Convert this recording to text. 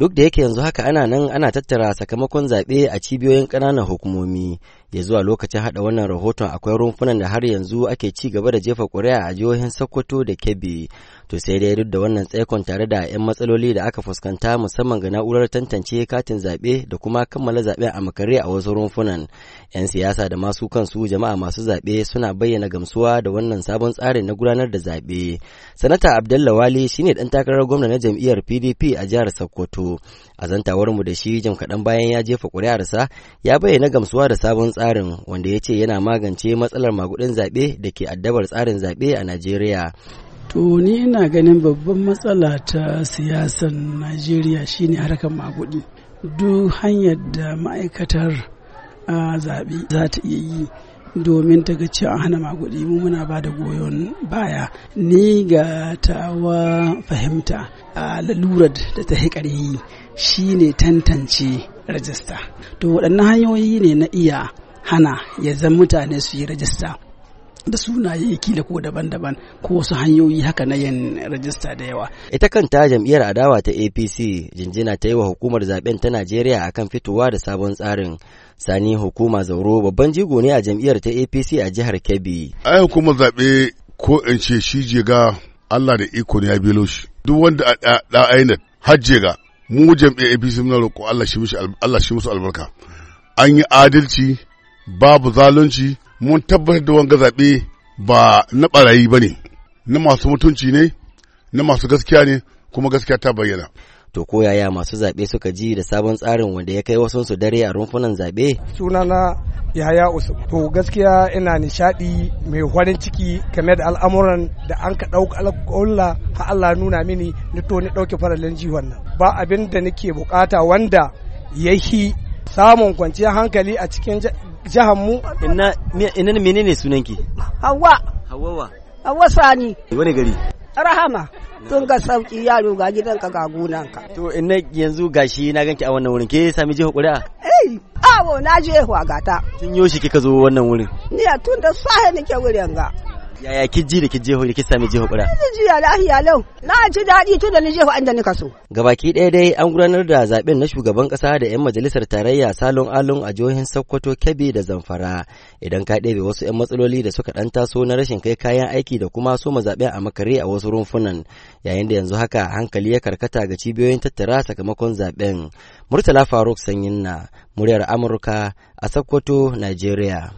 duk da yake yanzu haka ana nan ana tattara sakamakon zaɓe a cibiyoyin ƙananan hukumomi ya zuwa lokacin haɗa wannan rahoton akwai rumfunan da har yanzu ake ci gaba da jefa ƙuri'a a jihohin sokoto da kebbi to sai dai duk da wannan tsaikon tare da 'yan matsaloli da aka fuskanta musamman ga na'urar tantance katin zaɓe da kuma kammala zaɓe a makare a wasu rumfunan 'yan siyasa da masu kansu jama'a masu zaɓe suna bayyana gamsuwa da wannan sabon tsarin na gudanar da zaɓe sanata Abdullawali wali shine dan takarar gwamna na jam'iyyar pdp a jihar sokoto a zantawar mu da shi jim kaɗan bayan ya jefa ƙuri'arsa ya bayyana gamsuwa da sabon tsarin wanda ya ce yana magance matsalar magudin zaɓe da ke addabar tsarin zaɓe a Najeriya. To ni ina ganin babban matsala ta siyasar Najeriya shine harkar maguɗi Duk hanyar da ma'aikatar zaɓe za ta iya yi domin ta ga cewa hana magudi mu muna ba da goyon baya ni ga tawa fahimta a lalurar da ta shi ne tantance rajista to waɗannan hanyoyi ne na iya hana ya zan mutane su yi rajista da sunaye kila ko daban-daban ko wasu hanyoyi haka na yin rajista da yawa. Ita kanta jam'iyyar adawa ta APC jinjina ta yi wa hukumar zaben ta Najeriya akan fitowa da sabon tsarin. Sani hukuma zauro babban jigo ne a jam'iyyar ta APC a jihar Kebbi. Ai hukumar zaɓe ko in ce shi jega Allah da iko ne ya bilo shi. Duk wanda a da ainat har jega mu jam'iyyar APC muna roƙo Allah shi musu albarka. An yi adalci babu zalunci mun tabbatar da wanga zaɓe ba na ɓarayi ba ne na masu mutunci ne na masu gaskiya ne kuma gaskiya ta bayyana to ko yaya masu zaɓe suka ji da sabon tsarin wanda ya kai wasu su dare a rumfunan zaɓe sunana yahaya usman to gaskiya ina nishaɗi mai farin ciki game da al'amuran da an ka ɗauka alƙawalla har Allah nuna mini ni to ni ɗauke faralin jihon nan ba abin da nake bukata wanda yahi samun kwanciyar hankali a cikin jihar mu ina ina menene sunanki hawa hawawa hawa sani wani gari rahama tun ga sauki yaro ga gidanka ga gonanka to ina yanzu gashi na ganki a wannan wurin ke sami jihar ƙuri'a eh awo na je hwa gata kin yoshi kika zo wannan wurin ni tun da sahe nake wurin ga yaya kiji da kin je da ki sami jeho kuda ji ya lahiya lau na ji daɗi tun da ni jeho inda nika so gabaki ɗaya dai an gudanar da zaben na shugaban ƙasa da 'yan majalisar tarayya salon alon a jihohin sokoto kebbi da zamfara idan ka ɗebe wasu 'yan matsaloli da suka ɗan taso na rashin kai kayan aiki da kuma soma zaɓen a makare a wasu rumfunan yayin da yanzu haka hankali ya karkata ga cibiyoyin tattara sakamakon zaɓen murtala faruk sanyin na muryar amurka a sokoto nigeria